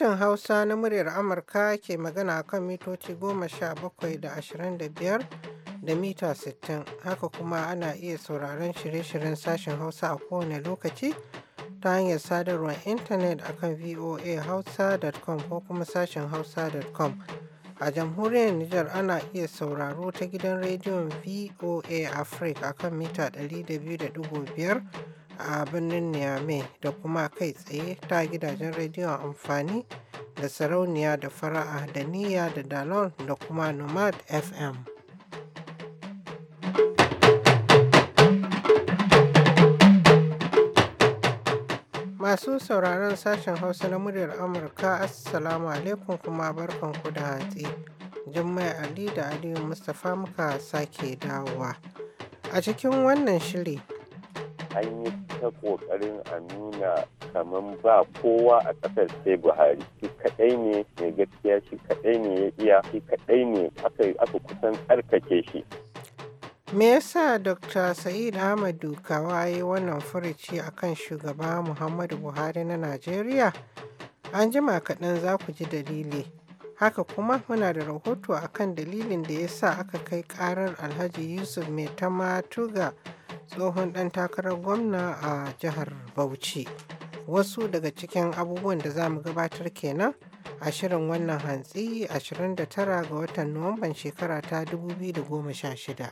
Sashen Hausa na muryar Amurka ke magana kan mitoci goma sha bakwai da ashirin da biyar da mita sittin. Haka kuma ana iya sauraron shirye-shiryen sashen Hausa a kowane lokaci ta hanyar sadarwar intanet akan voahausa.com ko kuma sashen hausa.com. A jamhuriyar Nijar ana iya sauraro ta gidan rediyon VOA Africa a kan mita 200.5 a birnin Niamey da kuma kai tsaye ta gidajen rediyon amfani da sarauniya da fara'a da niyya da dalon da kuma nomad fm masu sauraron sashen hausa na muryar amurka assalamu alaikum kuma barkanku da hatsi jummai ali da aliyu mustapha muka sake dawowa a cikin wannan shiri an yi ta kokarin a nuna kamar ba kowa a ƙasar sai buhari shi kaɗai ne mai gaskiya shi kaɗai ne ya iya shi kaɗai ne aka kusan tsarkake shi me yasa dr sa'id Ahmadu Kawa ya yi wannan furuci akan shugaba muhammadu buhari na najeriya an jima kaɗan za ku ji dalili Haka kuma muna da rahoto a kan dalilin da ya sa aka kai karar Alhaji Yusuf mai Tuga tsohon ɗan takarar gwamna a jihar Bauchi. Wasu daga cikin abubuwan da za mu gabatar kenan a shirin wannan hantsi 29 ga watan Nuwamban shekara ta 2016.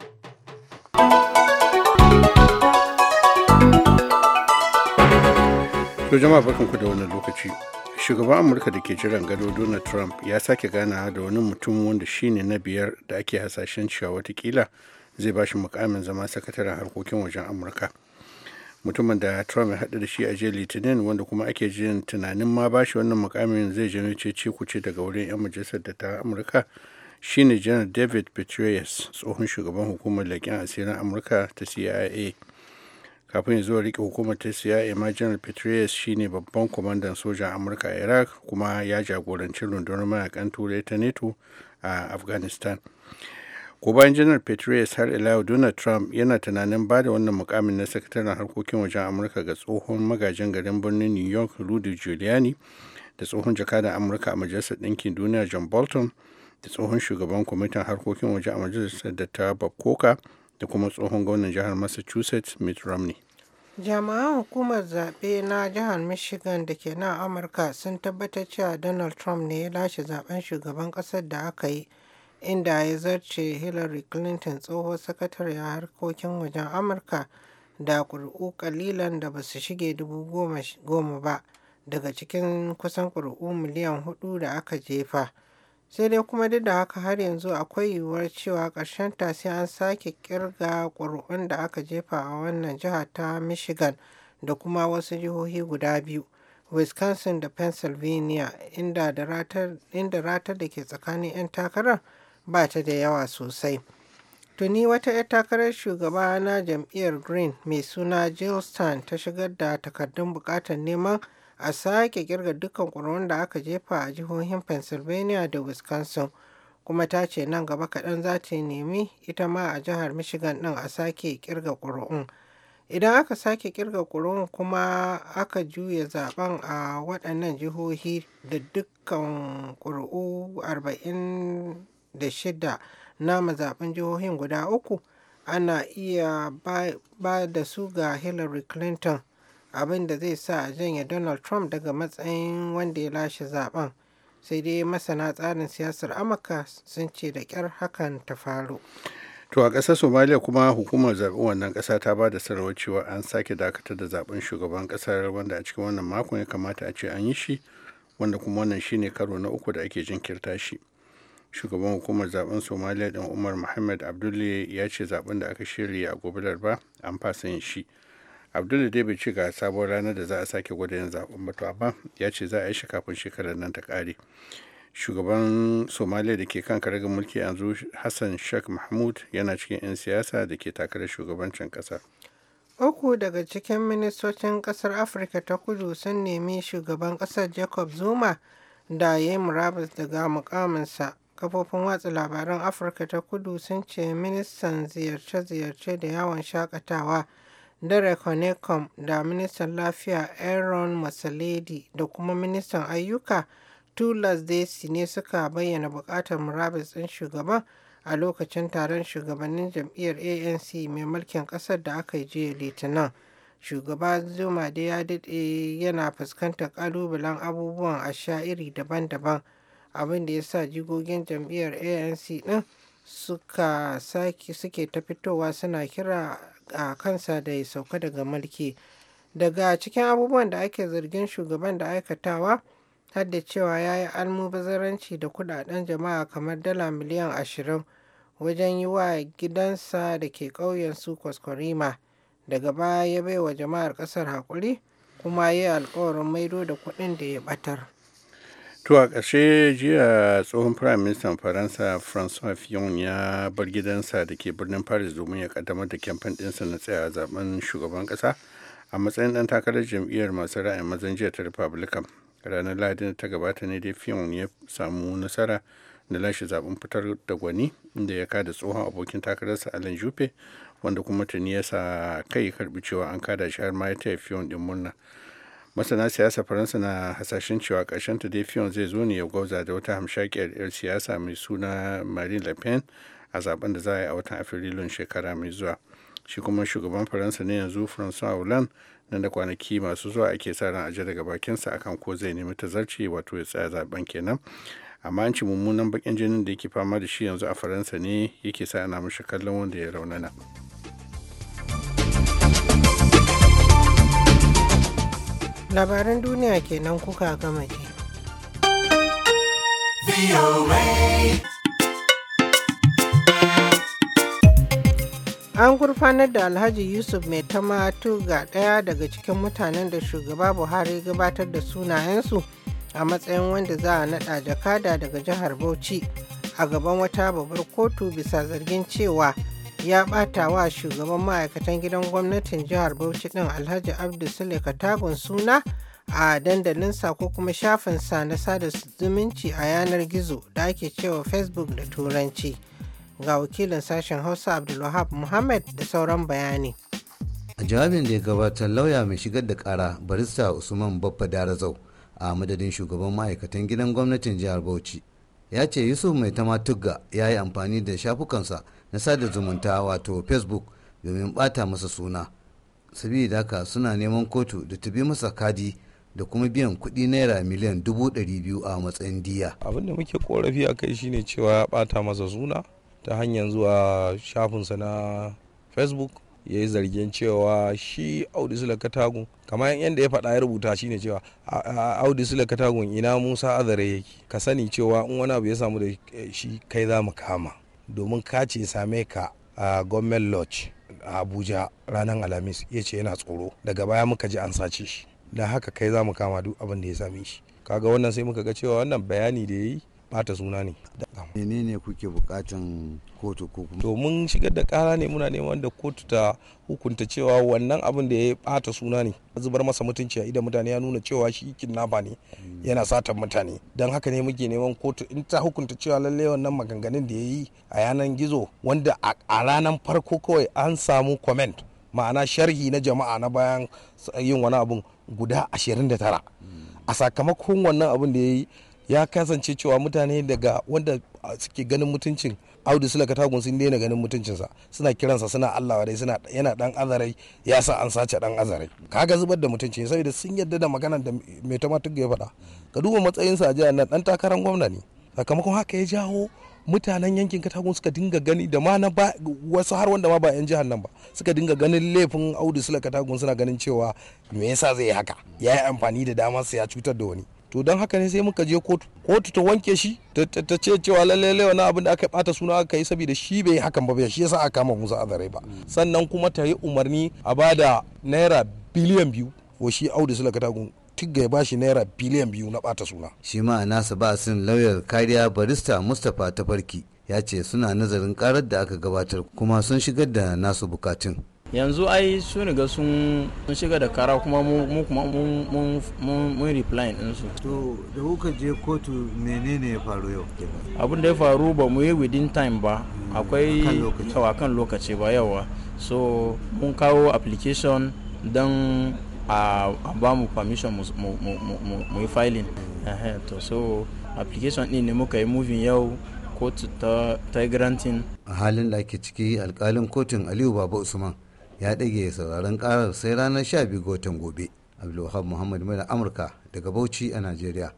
To jama'a barkanku da wannan lokaci. shugaban amurka da ke jiran gado donald trump ya sake ganawa da wani mutum wanda shine na biyar da ake hasashen cewa watakila zai ba shi mukamin zama sakataren harkokin wajen amurka mutumin da trump ya haɗu da shi a jiya litinin wanda kuma ake jin tunanin ma ba shi wannan mukamin zai ce cece kuce daga wurin 'yan majalisar da ta amurka shine janar david petraeus tsohon shugaban hukumar leƙen asirin amurka ta cia kafin ya zo rike hukumar ta siya emmanuel petraeus shine babban kwamandan sojan amurka a iraq kuma ya jagoranci rundunar mayakan turai ta neto a afghanistan ko bayan janar petraeus har ila donald trump yana tunanin ba da wannan mukamin na sakataren harkokin wajen amurka ga tsohon magajin garin birnin new york rudy giuliani da tsohon jakadan amurka a majalisar ɗinkin duniya john bolton da tsohon shugaban kwamitin harkokin waje a majalisar da ta bob da kuma tsohon gwamnan jihar massachusetts mitt romney jama'an hukumar zaɓe na jihar michigan da ke nan amurka sun tabbatar cewa donald trump ne ya lashe zaben shugaban ƙasar da aka yi inda ya zarce hillary clinton tsohon sakatare a harkokin wajen amurka da ƙuri'u ƙalilan da ba su shige dubu goma ba daga cikin kusan ƙuri'u miliyan hudu da aka jefa. sai dai kuma duk da haka har yanzu akwai yiwuwar cewa ta sai an sake kirga ƙuri'un da aka jefa a wannan jiha ta michigan da kuma wasu jihohi guda biyu wisconsin da pennsylvania inda ratar da ke tsakanin 'yan takarar ba ta da yawa sosai tuni wata 'yan takarar shugaba na jam'iyyar green mai suna jill stein ta shigar da takardun bukatar neman a sake kirga dukkan ƙuri'un da aka jefa a jihohin pennsylvania da wisconsin kuma ta ce nan gaba kaɗan za ta nemi ita ma a jihar michigan ɗin a sake kirga ƙuri'un idan aka sake kirga ƙuri'un kuma aka juya zaben a waɗannan jihohi da dukkan ƙuri'u 46 na mazaɓin jihohin guda uku ana iya ba da su ga hillary clinton abin da zai sa a janye Donald Trump daga matsayin wanda ya lashe zaben. Sai dai masana tsarin siyasar Amurka sun ce da kyar hakan ta faru. To a ƙasar Somalia kuma hukumar zaɓen wannan ƙasa ta ba da sanarwar cewa an sake dakatar da zaɓen shugaban ƙasar wanda a cikin wannan makon ya kamata a ce an yi shi wanda kuma wannan shine karo na uku da ake jinkirta shi. Shugaban hukumar zaɓen somaliya ɗin Umar Muhammad Abdulle ya ce zaɓen da aka shirya a gobe ba an fasa yin shi. abdul da bai ci ga sabon ranar da za a sake gwada yin zaben ba to amma ya ce za a yi shi kafin shekarar nan ta kare shugaban somaliya da ke kan karagin mulki yanzu hassan sheikh mahmud yana cikin 'yan siyasa da ke takarar shugabancin kasa uku daga cikin ministocin kasar afirka ta kudu sun nemi shugaban kasar jacob zuma da ya yi murabus daga mukaminsa kafofin watsa labaran afirka ta kudu sun ce ministan ziyarce-ziyarce da yawon shakatawa dare Honeycomb da Ministan Lafiya Aaron masaledi da kuma Ministan Ayyuka Tulas Desi ne suka bayyana buƙatar murabus ɗin shugaban a lokacin taron shugabannin jam'iyyar ANC mai mulkin ƙasar da aka yi jiya Litinin. Shugaba Zuma da ya daɗe yana fuskantar ƙalubalen abubuwan sha iri daban-daban abin da ya sa jigogin jam'iyyar ANC ɗin suke ta fitowa suna kira a kansa da ya sauka daga mulki daga cikin abubuwan da ake zargin shugaban da aikatawa har da cewa ya yi almubazaranci da kudaden jama'a kamar dala miliyan ashirin wajen yi wa gidansa da ke ƙauyen su kwaskwarima daga baya ya baiwa jama'ar ƙasar haƙuri kuma ya yi alkawarin maido da kuɗin da ya ɓatar. To a ƙarshe jiya tsohon Prime Minister Faransa François Fillon ya bar gidansa da ke birnin Paris domin ya kaddamar da kyamfen ɗinsa na a zaben shugaban ƙasa a matsayin ɗan takarar jam'iyyar masu ra'ayin mazan jiya ta Republican. Ranar Lahadi ta gabata ne dai Fillon ya samu nasara da lashe zaben fitar da gwani inda ya kada tsohon abokin takararsa Alain Juppe wanda kuma tuni ya sa kai karbi cewa an kada shi har ma ya taya Fillon ɗin murna. masana siyasa faransa na hasashen cewa karshen ta dai fiyon zai zo ne ya gwauza da wata hamshakiyar 'yar siyasa mai suna marine le pen a zaben da za a yi a watan afrilun shekara mai zuwa shi kuma shugaban faransa ne yanzu francois hollande nan da kwanaki masu zuwa ake sa ran aje daga bakinsa akan ko zai nemi tazarci wato ya tsaya zaben kenan amma an ci mummunan bakin jinin da yake fama da shi yanzu a faransa ne yake sa ana mashi kallon wanda ya raunana. labaran duniya kenan kuka gama ji. An gurfanar da Alhaji Yusuf mai tamatu ga ɗaya daga cikin mutanen da shugaba Buhari gabatar da sunayensu a matsayin wanda za a naɗa jakada daga jihar Bauchi a gaban wata babbar kotu bisa zargin cewa ya ɓata wa shugaban ma'aikatan gidan gwamnatin jihar Bauchi ɗin Alhaji Abdu Sule Katagun suna a dandalinsa ko kuma shafinsa na sada zumunci a yanar gizo da ake cewa Facebook da Turanci. Ga wakilin sashen Hausa Abdulwahab Muhammad da sauran bayani. A jawabin da ya gabatar lauya mai shigar da kara barista Usman Baffa Darazau a madadin shugaban ma'aikatan gidan gwamnatin jihar Bauchi ya ce Yusuf Mai Tama Tugga ya yi amfani da shafukansa na sada zumunta wato facebook domin bata masa suna sabida haka suna neman kotu da ta bi masa kadi da kuma biyan kudi naira miliyan dubu ɗari biyu a matsayin diya abin da muke korafi a kai shine cewa ya bata masa suna ta hanyar zuwa shafinsa na facebook ya yi zargin cewa shi audu sula katagun kamar yadda ya faɗa ya rubuta shine cewa audi sula katagun ina musa azare yake ka sani cewa in wani abu ya samu da shi kai za mu kama domin kace same ka a gwamnan lodge a abuja ranar alhamis ya ce yana tsoro daga baya muka ji an sace shi don haka kai za mu kama duk abin da ya same shi kaga wannan sai muka ga cewa wannan bayani da ya yi bata suna ne menene kuke bukatan kotu ko kuma to mun shigar da kara ne muna neman da kotu ta hukunta cewa wannan abin da ya yi bata suna ne zubar masa mutunci a idan mutane ya nuna cewa shi kidnapper ne yana satan mutane don haka ne muke neman kotu in ta hukunta cewa lalle wannan maganganun da ya yi a yanan gizo wanda a ranar farko kawai an samu comment ma'ana sharhi na jama'a na bayan yin wani abun guda ashirin da tara. a sakamakon wannan abin da ya yi ya kasance cewa mutane daga wanda suke ganin mutuncin audu sulaka tagun sun daina ganin mutuncinsa suna kiransa suna allah wadai suna yana dan azarai ya sa an sace dan azarai kaga zubar da mutunci saboda sun yadda da maganar da mai tamatuk ya faɗa ka duba matsayinsa a jihar na dan takarar gwamna ne sakamakon haka ya jawo mutanen yankin katagun suka dinga gani da ma na wasu har wanda ma ba 'yan jihar nan ba suka dinga ganin laifin audu sula tagun suna ganin cewa me yasa zai haka ya yi amfani da damar su ya cutar da wani to don haka ne sai muka je kotu kotu ta wanke shi ta ce cewa lalle wani abin da aka bata suna aka yi saboda shi bai yi hakan ba shi yasa aka kama Musa Azare ba sannan kuma ta yi umarni a ba da naira biliyan biyu wa shi Audu Sulakatagun tigga ya shi naira biliyan biyu na bata suna shi ma nasa ba sin lauyar kariya barista Mustapha farki ya ce suna nazarin karar da aka gabatar kuma sun shigar da nasu bukatun yanzu ai sun riga sun shiga da kara kuma mu kuma mun reply su. to da kuka je kotu menene ya faru yau abin da ya faru ba mu yi within time ba akwai cewa kan lokaci ba yawa so mun kawo application don a ba mu permission mu yi filing to so application din ne muka yi moving yau kotu ta granting a halin da ake ciki alkalin kotun aliyu baba usman ya ɗage sauraron karar sai ranar 12 ga watan gobe abdulwahab muhammad mai amurka daga bauchi a najeriya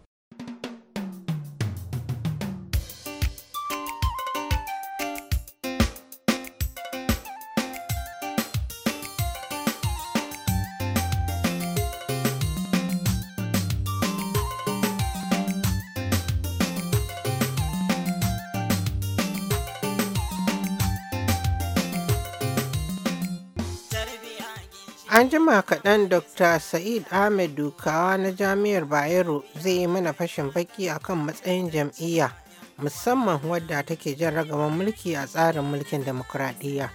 An jima kaɗan Dr. Sa'id Ahmed Dukawa na Jami'ar Bayero zai yi mana fashin baki a kan matsayin jam'iyya musamman wadda take jan ragaban mulki a tsarin mulkin demokuraɗiyya.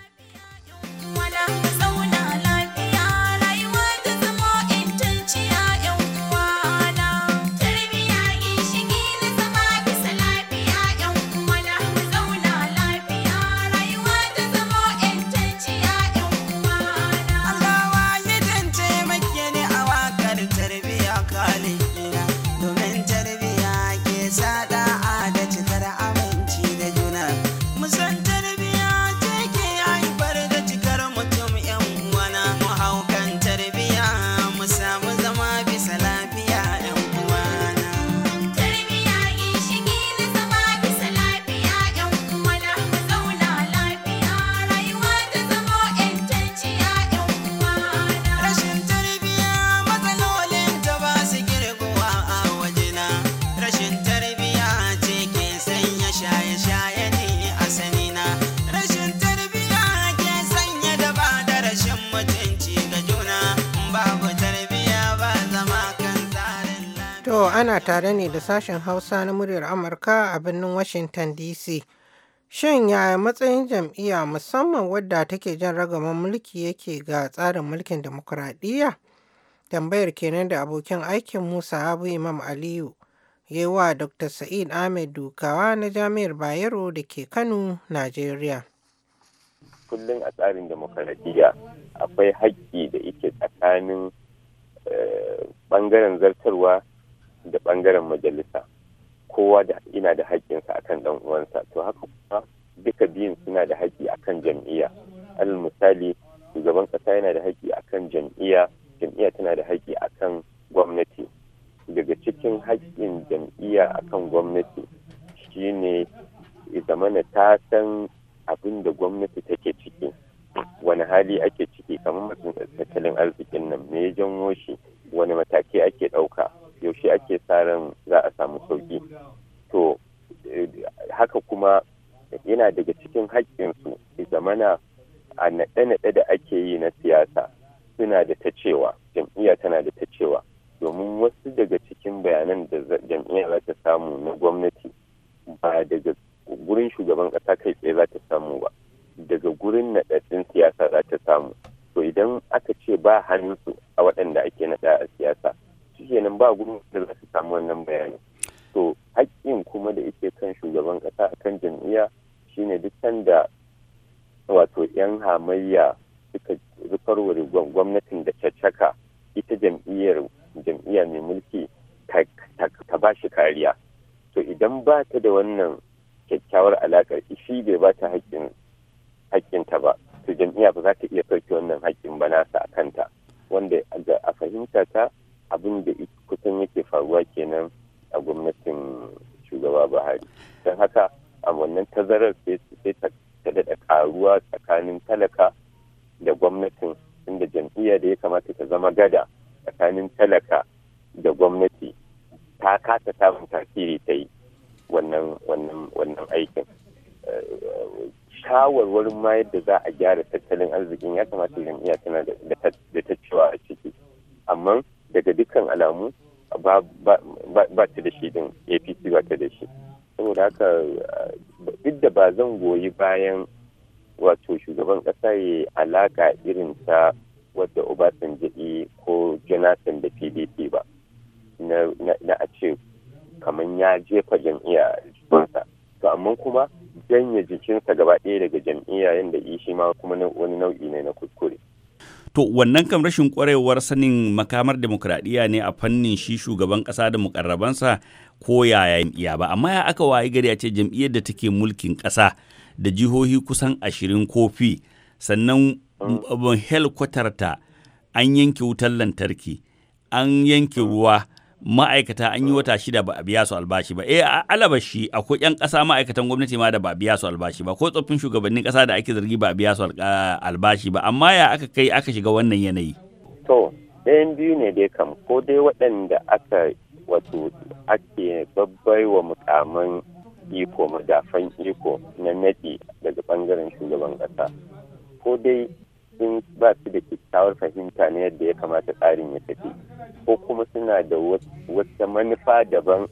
ne da sashen Hausa na muryar Amurka a birnin Washington DC. Shin yaya matsayin jam'iyya musamman wadda take jan ragaman mulki yake ga tsarin mulkin demokuraɗiyya? Tambayar kenan da abokin aikin Musa Habu Imam Aliyu ya wa Dr. Sa'id Ahmed Dukawa na Jami'ar Bayero da ke Kano, Najeriya. Kullum a tsarin demokuraɗiyya akwai haƙƙi da yake tsakanin eh, ɓangaren zartarwa da bangaren majalisa kowa da ina da haƙƙinsa akan ɗan uwansa to haka kuma duka biyun suna da haƙƙi akan jam'iyya alal misali shugaban ƙasa yana da haƙƙi akan jam'iyya jam'iyya tana da haƙƙi akan gwamnati daga cikin haƙƙin jam'iyya akan gwamnati shine zamana ta san abin da gwamnati take ciki wani hali ake ciki kamar tattalin arzikin nan me ya janwo shi wani mataki ake ɗauka yaushe ake sa ran za a samu sauki to eh, haka kuma yana daga cikin haƙƙinsu zamana a naɗe-naɗe da ake yi na siyasa suna da ta cewa jam'iyya tana da ta cewa domin wasu daga cikin bayanan da jam'iyya za ta samu na gwamnati ba daga gurin shugaban ƙasa kai tsaye za ta samu ba daga gurin naɗaɗɗin siyasa za ta samu to idan aka ce ba hannunsu a waɗanda ake naɗa a siyasa nan ba gudun da za su samu wannan bayanin to haƙƙin kuma da ike kan shugaban ƙasa a kan jam'iyya shine duk sanda wato 'yan hamayya suka rufarware gwamnatin da caccaka ita jam'iyyar jam'iyya mai mulki ta ba shi kariya to idan ba ta da wannan kyakkyawar alaƙar shi bai ba ta haƙƙinta ba to jam'iyya ba za ta iya sauke wannan haƙƙin ba nasa a kanta wanda a fahimta ta abin da kusan yake faruwa kenan a gwamnatin shugaba buhari don haka a wannan tazarar sai ta daɗa ƙaruwa tsakanin talaka da gwamnatin inda jam'iyya da ya kamata ta zama gada tsakanin talaka da gwamnati ta kasa samun tasiri ta yi wannan aikin eh, shawarwarin ma yadda za a gyara tattalin arzikin ya kamata jam'iyya tana da ta a ciki amma daga dukkan alamu ba ta da shi din apc ba ta da shi saboda haka duk da ba zan goyi bayan wato shugaban kasa ya alaka irin ta wadda obasanjo ko jonathan da pdp ba na a ce kamar ya jefa jam'iyya jikinsa to amma kuma janye jikinsa gaba ɗaya daga jam'iyya yadda shi ma kuma wani nau'i ne na kuskure to wannan kan rashin kwarewar sanin makamar demokradiyya ne a fannin shi shugaban kasa da mukarrabansa ko yaya ya ba amma ya aka wayi gari a ce jam'iyyar da take mulkin kasa da jihohi kusan ashirin kofi sannan mm. helkwatarta an yanke wutar lantarki an yanke mm. ruwa ma'aikata an yi wata shida ba a biya su albashi ba eh a alabashi akwai yan ƙasa ma'aikatan gwamnati ma da ba biya su albashi ba ko tsoffin shugabannin ƙasa da ake zargi ba a biya su albashi ba amma ya aka kai aka shiga wannan yanayi to ɗayan biyu ne dai kam ko dai waɗanda aka wato ake wa mukaman iko madafan iko na naɗi daga bangaren shugaban ƙasa ko dai sun ba su da kyakkyawar fahimta na yadda ya kamata tsarin ya tafi ko kuma suna da wata manufa daban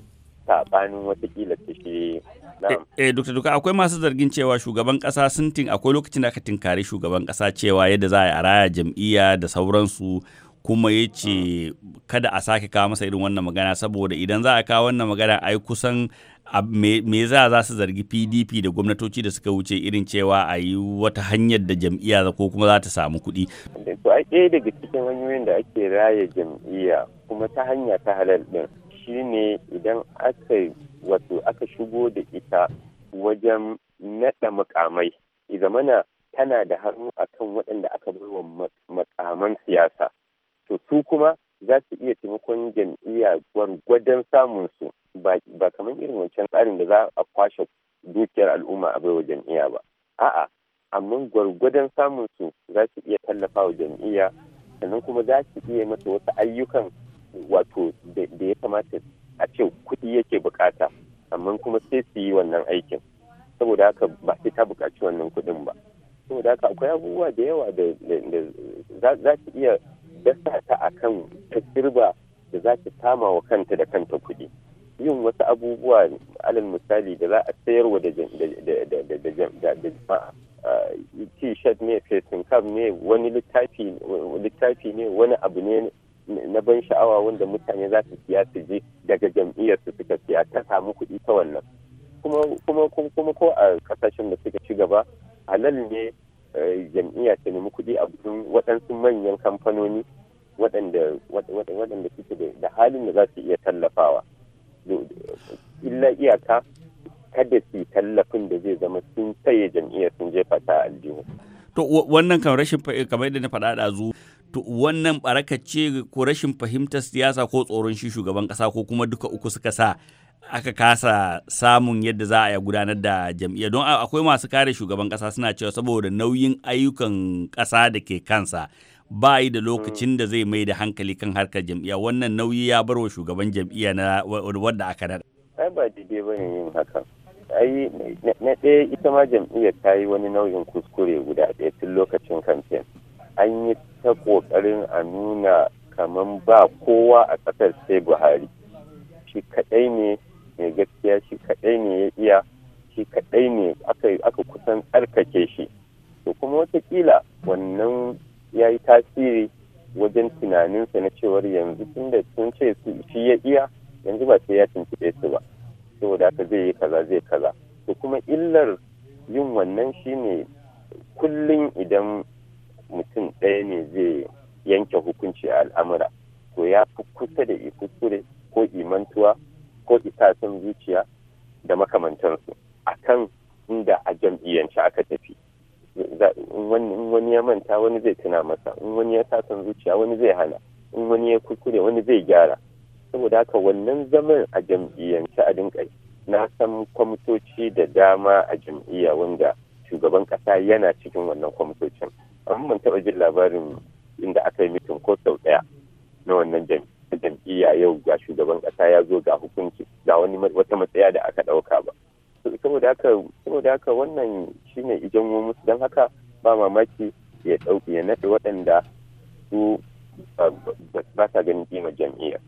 saɓanin watakila ta shi Eh, eh Dr. Duka, akwai masu zargin cewa shugaban ƙasa sun tin akwai lokacin da aka tinkari shugaban ƙasa cewa yadda za a yi a raya jam'iyya da sauransu kuma ya ce kada a sake kawo masa irin wannan magana saboda idan za a kawo wannan magana ai kusan me za za su zargi pdp da gwamnatoci da suka wuce irin cewa a yi wata hanyar da jam'iyya ko kuma za ta samu kuɗi. to a ɗaya daga cikin hanyoyin da ake raya jam'iyya kuma ta hanya ta halal ɗin shine idan aka wato aka shigo da ita wajen naɗa mukamai mana tana da hannu akan waɗanda aka bar wa makaman siyasa to su kuma za su iya taimakon jam'iyya gwargwadon samun su ba kamar irin wancan tsarin da za a kwashe dukiyar al'umma a baiwa jam'iyya ba a'a amma gwargwadon samun su za su iya tallafa wa jam'iyya sannan kuma za su iya masa wasu ayyukan wato da ya kamata a ce kuɗi yake bukata amma kuma sai su yi wannan aikin saboda haka ba sai ta buƙaci wannan kuɗin ba saboda haka akwai abubuwa da yawa da za su iya dasa ta kan ta kirba da za ta kama wa kanta da kanta kuɗi yin wasu abubuwa alal misali da za a sayar wa da jama'a ah, t-shirt ne facing cap ne wani littafi ne wani abu ne na ban sha'awa wanda mutane za su siya su je daga jam'iyyar su suka siya ta samu kuɗi ta wannan kuma ko a kasashen da suka ci gaba halal ne Eh, jam'iyya ta nemi kuɗi a gudun waɗansu manyan kamfanoni waɗanda suke da halin da za su iya tallafawa illa iyaka kada su tallafin da zai zama sun saye jam'iyyar sun jefa ta aljihu to wannan kan rashin eh, kamar yadda na faɗa da zu wannan baraka ce ko rashin fahimtar siyasa ko tsoron shi shugaban ƙasa ko kuma duka uku suka sa aka kasa samun yadda za a ya gudanar da jam'iyya don akwai masu kare shugaban kasa suna cewa saboda nauyin ayyukan kasa da ke kansa ba yi da lokacin da zai mai da hankali kan harkar jam'iyya wannan nauyi ya bar wa shugaban jam'iyya na wadda aka nada. ai ba dide ba ne yin haka ai na ɗaya ita ma jam'iyyar ta yi wani nauyin kuskure guda ɗaya tun lokacin kamfen an yi ta ƙoƙarin a nuna kamar ba kowa a ƙasar sai buhari shi kaɗai ne mai eh, gaskiya shi kaɗai ne ya iya shi kaɗai ne aka kusan tsarkake shi to kuma watakila wannan ya yi tasiri wajen tunaninsa na cewar yanzu tun da sun ce shi ya iya yanzu ba sai ya tuntuɓe su ba saboda haka zai yi kaza zai kaza to kuma illar yin wannan shi ne kullum idan mutum ɗaya ne zai yanke hukunci a al'amura to ya fi kusa da kuskure ko imantuwa ko itacen zuciya da makamantansu a kan inda a jam'iyyance aka tafi in wani ya manta wani zai tuna masa in wani ya sasan zuciya wani zai hana in wani ya kuskure wani zai gyara saboda haka wannan zaman a jam'iyyance a dinka na san kwamitoci da dama a jam'iyya wanda shugaban kasa yana cikin wannan kwamitocin amma ban taba jin labarin inda aka yi mitin ko sau ɗaya na wannan jam'iyya ta jam'iyya yau ga shugaban kasa ya zo ga hukunci ga wani wata matsaya da aka ɗauka ba saboda haka saboda haka wannan shine idan mu musu don haka ba mamaki ya dauki ya waɗanda su ba sa ganin kima jam'iyya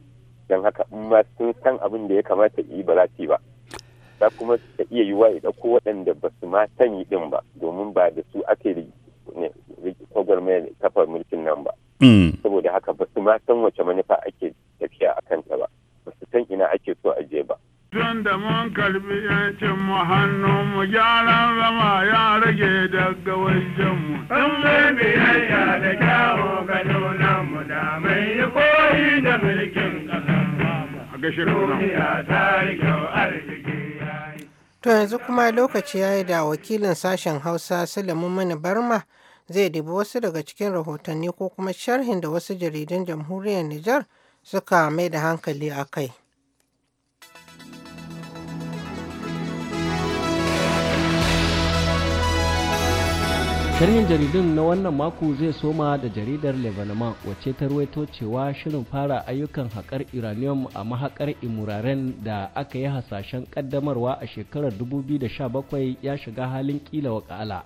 don haka in ma sun san abin da ya kamata yi ba za ba za kuma ta iya yiwa ya ɗauko waɗanda ba su ma sani ɗin ba domin ba da su ake mai kafar mulkin nan ba. Mm. haka ba su ma san wace manufa ake tafiya a kanta ba ba su san ina ake so a je ba. Zan da mun karbi yancin mu hannu mu gyaran zama ya rage daga wajen mu. Sun mai biyayya da kyawo ga nunan mu da mai yi koyi da mulkin ƙasar mu. Duniya ta yi kyau arziki. To yanzu kuma lokaci ya yi da wakilin sashen Hausa Sulaiman Mani Barma zai dubi wasu daga cikin rahotanni ko kuma sharhin da wasu jaridun jamhuriyar Nijar suka mai da hankali a kai. Sharhin jaridun na wannan mako zai soma da jaridar Lebanon wacce ta ruwaito cewa shirin fara ayyukan haƙar uranium a mahaƙar imuraren da aka yi hasashen ƙaddamarwa a shekarar 2017 ya shiga halin ƙila ƙala.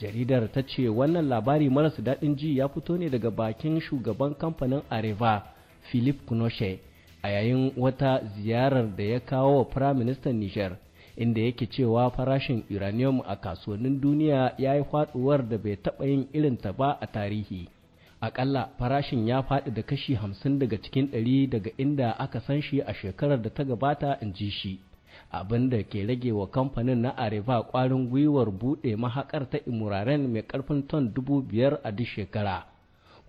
jaridar ta ce wannan labari maras daɗin ji ya fito ne daga bakin shugaban kamfanin areva philip kunoshe a yayin wata ziyarar da ya kawo wa firaministan niger inda yake cewa farashin uranium a kasuwannin duniya ya yi faduwar da bai taɓa yin irinta ba a tarihi akalla farashin ya faɗi da kashi hamsin daga cikin ɗari daga inda aka san shi a shekarar da ta gabata in ji shi abin da ke rage wa kamfanin na areva kwarin gwiwar buɗe mahakar ta imuraren mai ƙarfin ton dubu biyar a duk shekara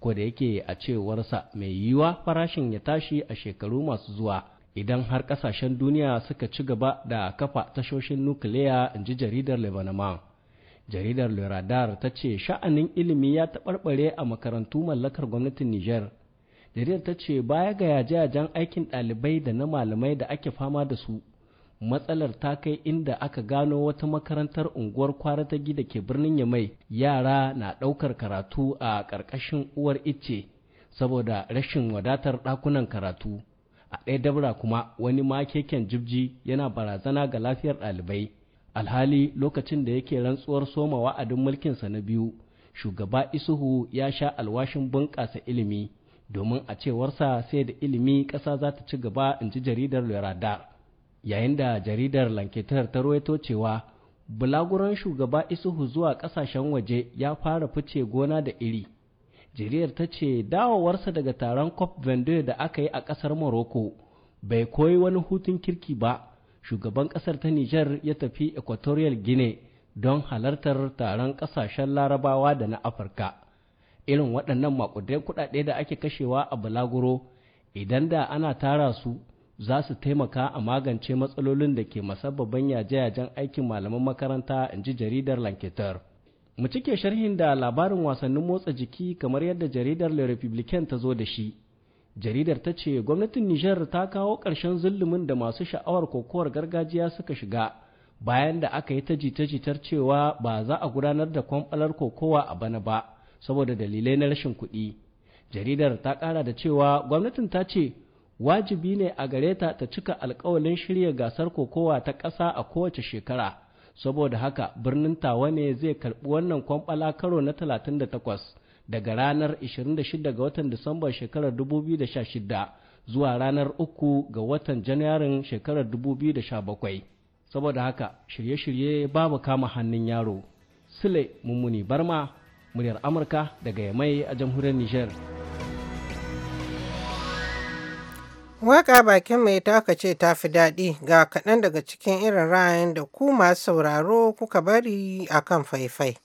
ko da yake a cewarsa mai yiwuwa farashin ya tashi a shekaru masu zuwa idan har ƙasashen duniya suka ci gaba da kafa tashoshin nukiliya in ji jaridar lebanon jaridar Radar ta ce sha'anin ilimi ya taɓarɓare a makarantu mallakar gwamnatin niger jaridar ta ce baya ga yaje-yajen aikin ɗalibai da na malamai da ake fama da su matsalar ta kai inda aka gano wata makarantar unguwar kwara ta gida ke birnin yamai yara na ɗaukar karatu a ƙarƙashin uwar icce saboda rashin wadatar ɗakunan karatu a ɗaya dabra kuma wani ma keken jibji yana barazana ga lafiyar ɗalibai alhali lokacin da yake rantsuwar soma wa'adin mulkinsa na biyu shugaba isuhu ya sha alwashin bunƙasa ilimi domin a cewarsa sai da ilimi ƙasa za ta ci gaba in ji jaridar lurada yayin da jaridar lankitar ta ruwaito cewa bulaguran shugaba isuhu zuwa kasashen waje ya fara fice gona da iri jiriyar ta ce dawowarsa daga taron cop vendue da aka yi a ƙasar morocco bai koyi wani hutun kirki ba shugaban ƙasar ta niger ya tafi equatorial guinea don halartar taron ƙasashen larabawa da na afirka irin waɗannan maƙudai kuɗaɗe da ake kashewa a bulaguro idan da ana tara su za su taimaka a magance matsalolin da ke masabbaban yaje-yajen aikin malaman makaranta in ji jaridar lanketar mu cike sharhin da labarin wasannin motsa jiki kamar yadda jaridar le republican ta zo da shi jaridar ta ce gwamnatin nijar ta kawo ƙarshen zullumin da masu sha'awar kokowar gargajiya suka shiga bayan da aka yi ta jita-jitar cewa ba za a gudanar da kwamfalar kokowa a bana ba saboda dalilai na rashin kuɗi jaridar ta ƙara da cewa gwamnatin ta ce wajibi ne a gare ta ta cika alkawalin shirya gasar kokowa ta ƙasa a kowace shekara saboda haka birnin tawa ne zai karɓi wannan kwamɓala karo na 38 daga ranar 26 ga watan disambar shekarar 2016 zuwa ranar 3 ga watan janairun shekarar 2017 saboda haka shirye-shirye babu kama hannun yaro sule mummuni barma muryar amurka daga yamai a jamhuriyar niger Waka bakin mai taka ce ta fi daɗi ga kaɗan daga cikin irin ra'ayin da ku masu sauraro kuka bari a kan faifai.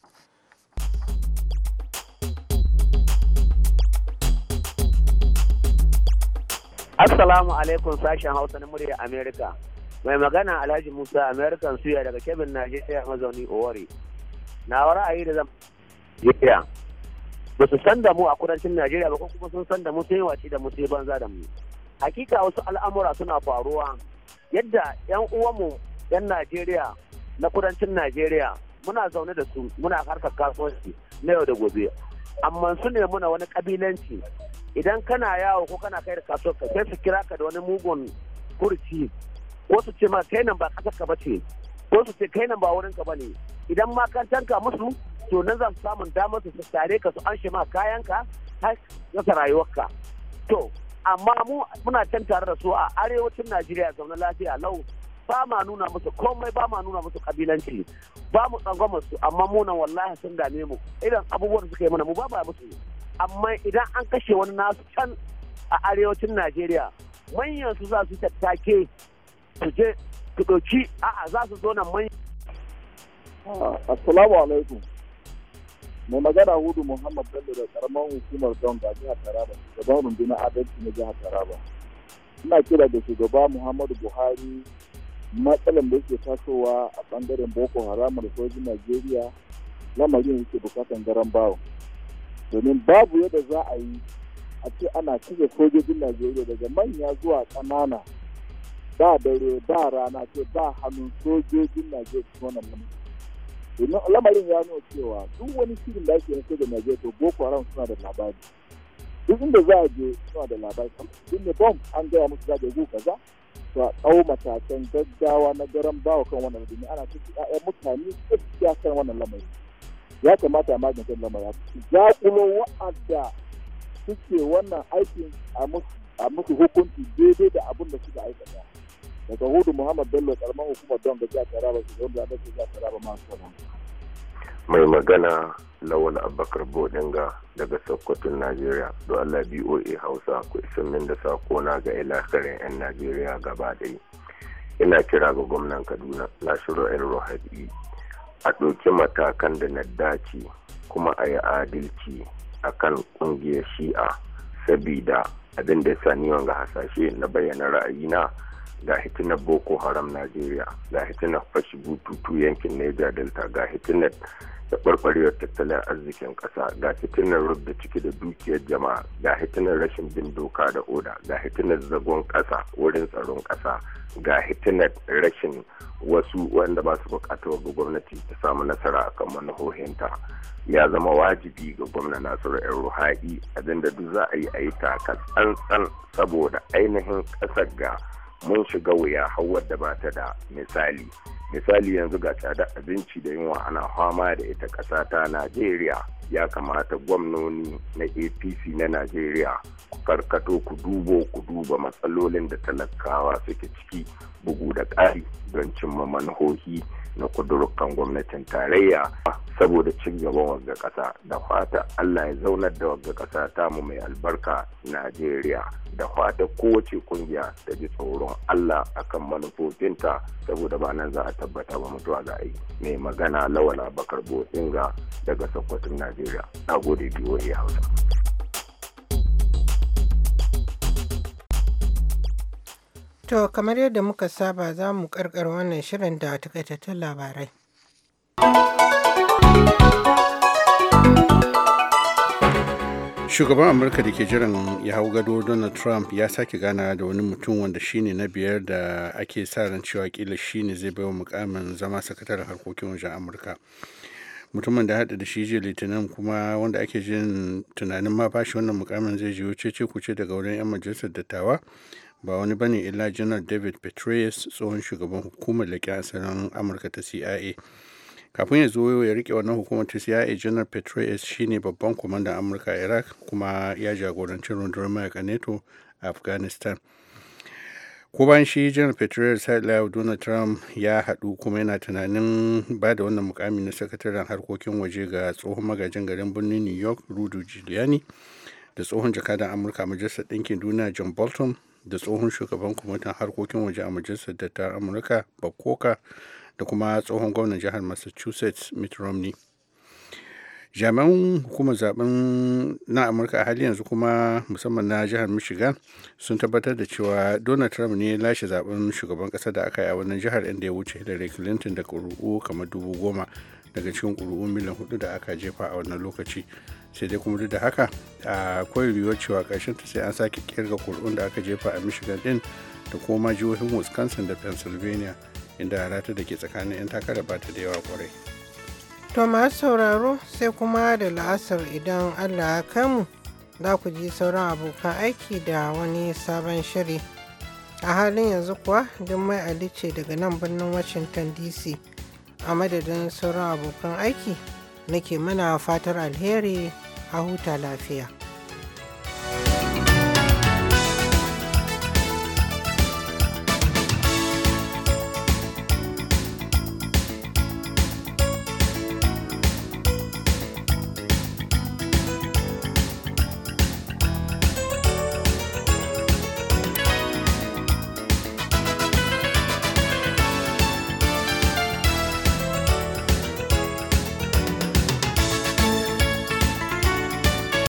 Assalamu alaikum sashen Hausa na murya Amerika. Mai magana Alhaji Musa American suya daga kebin Najeriya mazauni Owari. Na ra'ayi da zan Najeriya. Ba su san da mu a kudancin Najeriya ba kuma sun san da mu sai wace da mu sai banza da mu. hakika wasu al'amura suna faruwa yadda 'yan uwanmu 'yan najeriya na kudancin najeriya muna zaune da su muna harkar kasuwanci na yau da gobe amma su ne muna wani kabilanci idan kana yawo ko kana kai da kasuwa ka sai su kira ka da wani mugun kurci ko su ce ma kai nan ba kasar ka bace ko su ce kai nan ba wurin ka bane idan ma kan tanka musu to na zan su samun damar su tare ka su anshe ma kayan ka har rayuwarka to amma mu muna can tare da su a arewacin najeriya zaune lafiya lau ba ma nuna musu komai ba ma nuna musu kabilanci ba mu su amma munan wallahi sun dame mu idan abubuwan suka yi mana mu ba ba musu amma idan an kashe wani nasu can a arewacin najeriya manyan su za su tattake su je su ɗauki a'a za su zo nan manyan assalamu alaikum mai magana hudu muhammad bello da karamar hukumar donga jihar taraba shugaban rundunar adalci na jihar taraba ina kira da shugaba muhammadu buhari matsalar da yake tasowa a bangaren boko haram da sojin najeriya lamarin yake bukatan garan bawo domin babu yadda za a yi a ce ana cike sojojin najeriya daga manya zuwa ƙanana ba dare ba rana ce ba hannun sojojin najeriya wannan domin lamarin ya nuna cewa duk wani shirin da ake yanke da najeriya boko haram suna da labari duk inda za a je suna da labari duk ne bom an gaya musu za da kaza to a tsawo matakan gaggawa na garan bawa kan wannan rubuni ana cikin 'yayan mutane gaskiya kan wannan lamari ya kamata a magance lamarin ya kulo wa'adda suke wannan aikin a musu hukunci daidai da abin da suka aikata daga hudu muhammad bello karamar hukumar don da jihar taraba su wanda za a jihar taraba masu sama mai magana lawal abakar bodinga daga sokoto najeriya do allah boa hausa ku min da sako na ga ilakarin yan najeriya gaba ɗaya ina kira ga gwamnan kaduna nasiru el rohadi a ɗauki matakan da na dace kuma a yi adalci a kan ƙungiyar shi'a sabida abin da sani wanga hasashe na bayyana ra'ayina ga hitinar boko haram najeriya ga hitinar fashi bututu yankin niger delta ga hitinar barbarewar tattalin arzikin kasa ga hitinar rubda ciki da dukiyar jama'a ga hitinar rashin bin doka da oda ga hitinar zagon kasa wurin tsaron kasa ga hitinar rashin wasu wanda ba su bukatar ga gwamnati ta samu nasara a kan manahohinta ya zama wajibi ga gwamna nasiru yan ruhaɗi a duk za a yi aita ka tsantsan saboda ainihin ƙasar ga mun shiga wuya hauwar da ba ta da misali misali yanzu ga tsada abinci da yunwa ana fama da ita ƙasa ta najeriya ya kamata gwamnoni na apc na najeriya karkato ku dubo ku duba matsalolin da talakawa suke ciki bugu da ƙari don cimma manhohi na kudurukan gwamnatin tarayya saboda cin gaban wagga ƙasa da fata Allah ya zaunar da wagga ƙasa mu mai albarka Najeriya da fata kowace kungiya ta ji tsoron Allah akan manufofinta saboda ba nan za a tabbata ba mutuwa za a yi mai magana lawala bakar botsinga daga sokotun Najeriya na gode biyo hausa. To kamar yadda muka saba za mu karkar wannan shirin da takaitattun labarai. Shugaban Amurka da ke jiran ya hau gado Donald Trump ya sake gana da wani mutum wanda shine na biyar da ake sa ran cewa kila shine zai bai wa mukamin zama sakataren harkokin wajen Amurka. mutumin da haɗa da shi je litinin kuma wanda ake jin tunanin ma bashi wannan mukamin zai jiyo cece kuce daga wurin 'yan majalisar dattawa ba wani bane illa janar david petraeus tsohon shugaban hukumar leƙen asalin amurka ta cia kafin ya zo ya rike wannan hukumar ta cia janar petraeus shine babban kwamandan amurka a iraq kuma ya jagoranci rundunar mayaka neto a afghanistan ko bayan shi janar petraeus haɗa donald trump ya haɗu kuma yana tunanin ba da wannan mukami na sakataren harkokin waje ga tsohon magajin garin birnin new york rudu giuliani da tsohon jakadan amurka majalisar ɗinkin duniya john bolton da tsohon shugaban kwamitin harkokin waje a majalisar dattawan amurka bob da kuma tsohon gwamnan jihar massachusetts mitt romney jami'an hukumar zaben na amurka a hali yanzu kuma musamman na jihar michigan sun tabbatar da cewa donald trump ne lashe zaben shugaban kasa da aka yi a wannan jihar inda ya wuce hillary clinton da kuru'u kamar dubu goma daga cikin kuri'u miliyan hudu da aka jefa a wannan lokaci sai dai kuma duk da haka akwai yiwuwar cewa ƙarshen ta sai an sake kirga kurun da aka jefa a michigan din da kuma jihohin wisconsin da pennsylvania inda rata da ke tsakanin 'yan takara ba ta da yawa kwarai to masu sauraro sai kuma da la'asar idan allah ya kai za ku ji sauran abokan aiki da wani sabon shiri a halin yanzu kuwa don mai alice daga nan birnin washington dc a madadin sauran abokan aiki nake mana fatar alheri a huta lafiya.